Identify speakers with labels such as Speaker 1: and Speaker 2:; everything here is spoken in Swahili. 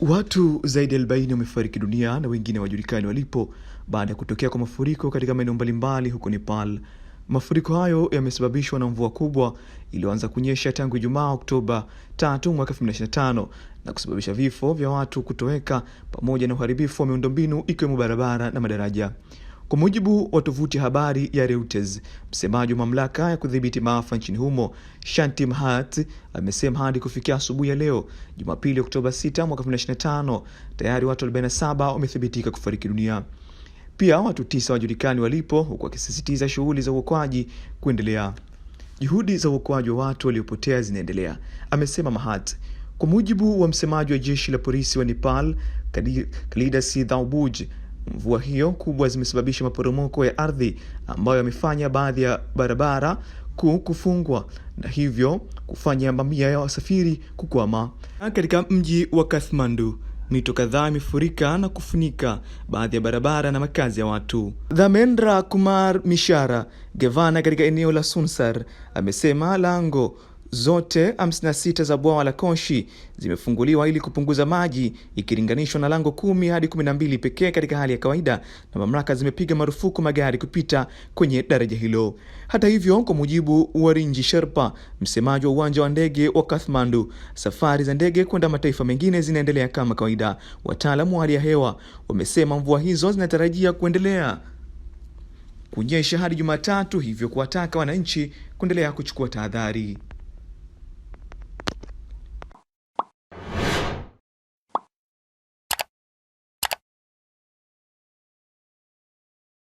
Speaker 1: Watu zaidi ya arobaini wamefariki dunia na wengine wajulikani walipo baada ya kutokea kwa mafuriko katika maeneo mbalimbali huko Nepal. Mafuriko hayo yamesababishwa na mvua kubwa iliyoanza kunyesha tangu Ijumaa Oktoba 3 mwaka 2025 na kusababisha vifo vya watu kutoweka pamoja na uharibifu wa miundombinu ikiwemo barabara na madaraja. Kwa mujibu wa tovuti habari ya Reuters, msemaji wa mamlaka ya kudhibiti maafa nchini humo, Shanti Mhat, amesema hadi kufikia asubuhi ya leo Jumapili Oktoba 6 mwaka 2025, tayari watu 47 wamethibitika kufariki dunia. Pia watu tisa wajulikani walipo, huku akisisitiza shughuli za uokoaji kuendelea. Juhudi za uokoaji wa watu waliopotea zinaendelea, amesema Mahat. Kwa mujibu wa msemaji wa jeshi la polisi wa Nepal, Kalidas Dhaubuj, Mvua hiyo kubwa zimesababisha maporomoko ya ardhi ambayo yamefanya baadhi ya barabara kuu kufungwa na hivyo kufanya mamia ya wasafiri kukwama. Katika mji wa Kathmandu, mito kadhaa imefurika na kufunika baadhi ya barabara na makazi ya watu.
Speaker 2: Dhamendra Kumar Mishara, gavana katika eneo la Sunsar, amesema lango zote 56 za bwawa la Koshi zimefunguliwa ili kupunguza maji ikilinganishwa na lango kumi hadi 12 pekee katika hali ya kawaida, na mamlaka zimepiga marufuku magari kupita kwenye daraja hilo. Hata hivyo, kwa mujibu wa Rinji Sherpa, msemaji wa uwanja wa ndege wa Kathmandu, safari za ndege kwenda mataifa mengine zinaendelea kama kawaida. Wataalamu wa hali ya hewa wamesema mvua hizo zinatarajia kuendelea kunyesha hadi Jumatatu, hivyo kuwataka wananchi kuendelea kuchukua tahadhari.